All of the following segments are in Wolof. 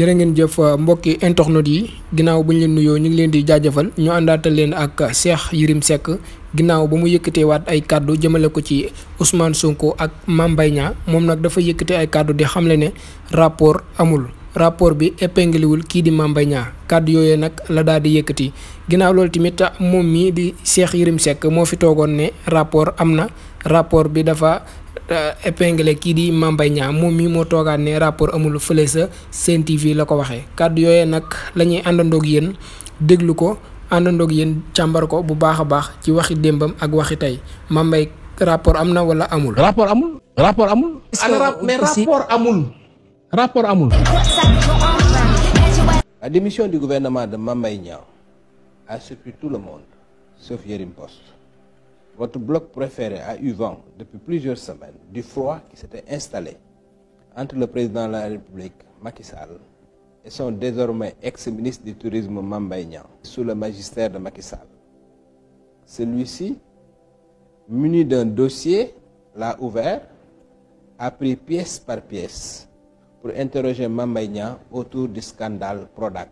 jërë ngeen jëf euh, mbokki internet yi ginnaaw bu leen nuyoo ñu ngi leen di jaajëfal ñu àndaatal leen ak Cheikh Yérim sekk ginnaaw ba mu waat ay kàddu jëmale ko ci Ousmane Sonko ak Mame moom nag dafa yëkkate ay kàddu di xamle ne rapport amul rapport bi épinglé kii di Mame kàddu yooyee nag la daal di yëkkati ginnaaw loolu tamit moom mii di Cheikh Yérim sekk moo fi toogoon ne rapport am na rapport bi dafa. épinglé ki di mambay Mbaye mo mi mo toga né rapport amul feulé sa Sen TV la ko waxee kàddu yooyee nag la ñuy déglu ko andandok yeen chambar ko bu baaxa baax ci waxi dembam ak waxi tay mambay rapport amna wala amul. rapport amul rapport amul. mais rapport amul. rapport amul. La démission du gouvernement de mambay Mbaye a surpris tout le monde, sauf Yérim poste Votre bloc préféré a eu vent depuis plusieurs semaines du froid qui s'était installé entre le président de la République, Macky Sall, et son désormais ex-ministre du Tourisme, Mambaignan, sous le magistère de Macky Sall. Celui-ci, muni d'un dossier, l'a ouvert, a pris pièce par pièce pour interroger Mambaïnian autour du scandale Prodac.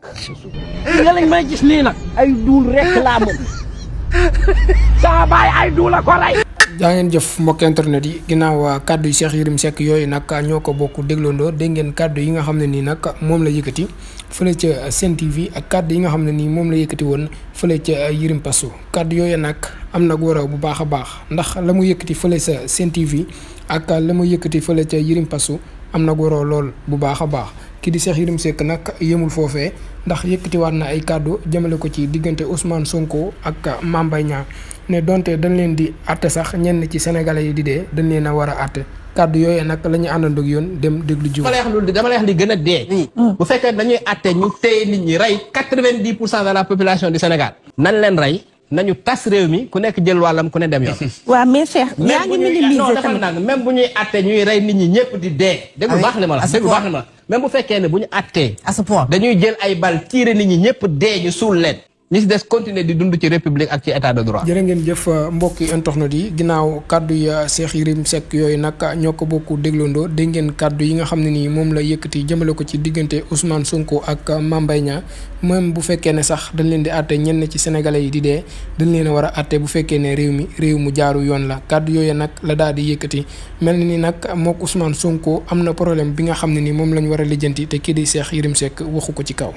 saa baay ay du la ko rey. jaa ngeen jëf mbokk internet yi ginnaaw uh, kàddu yi Cheikh Yérim Seck yooyu nag uh, ñoo ko bokk dégloondoo dégg kàddu yi nga xam ne nii nag uh, moom la yëkkati fële ca Sen TV ak kàddu yi nga xam ne nii moom la yëkkati woon fële ca Yérim Passo kàddu yooyu nag am na waraw bu baax a baax ndax la mu yëkkati fële sa Sen TV ak la mu yëkkati fële ca Yérim Passo am na waraw lool bu baax a baax. ki di Cheikh Yérim Seck nag yemul fofé ndax war na ay cadeau jëmele ko ci digënté Ousmane Sonko ak Mambay Niang ne dañ leen di atté sax ñenn ci sénégalais yi di dé dañ leen a war a àtte kàddu yooyu nag yoon dem deglu jiw. dama lool wax dama lay wax gëna dé mm. bu fekkee dañuy atté ñu téy nit ñi ray 90% de la population du Sénégal. nan leen ray nañu tas rew mi ku nekk jël walam ku ne dem yoon. wa mais Cheikh. yaa minimiser tamit même bu ñuy atté ñuy ray nit ñi ñepp di dégg ah bu baax ni ma la bu baax ni ma la. même bu fekkee ne bu ñu attee à ce point dañuy jël ay bal tiire nit ñi ñëpp dee ñu suul leen ñi si des continuer di dund ci république ak ci état de droit. jërë ngeen jëf mbokki internet yi ginnaaw kàddu ya Cheikh Yérim Seck yooyu nag ñoo ko bokk dégloondoo dégg ngeen kàddu yi nga xam ne nii moom la yëkkati jëmale ko ci diggante Ousmane Sonko ak Mame Mbaye même bu fekkee ne sax dañ leen di àtte ñenn ci sénégalais yi di dee dañ leen a war a àtte bu fekkee ne réew mi réew mu jaaru yoon la kàddu yooyu nag la daal di yëkkati mel na ni nag mook Ousmane Sonko am na problème bi xam ne ni moom la ñu war a lijjanti te kii di Cheikh Yérim Seck waxu ko ci kaw.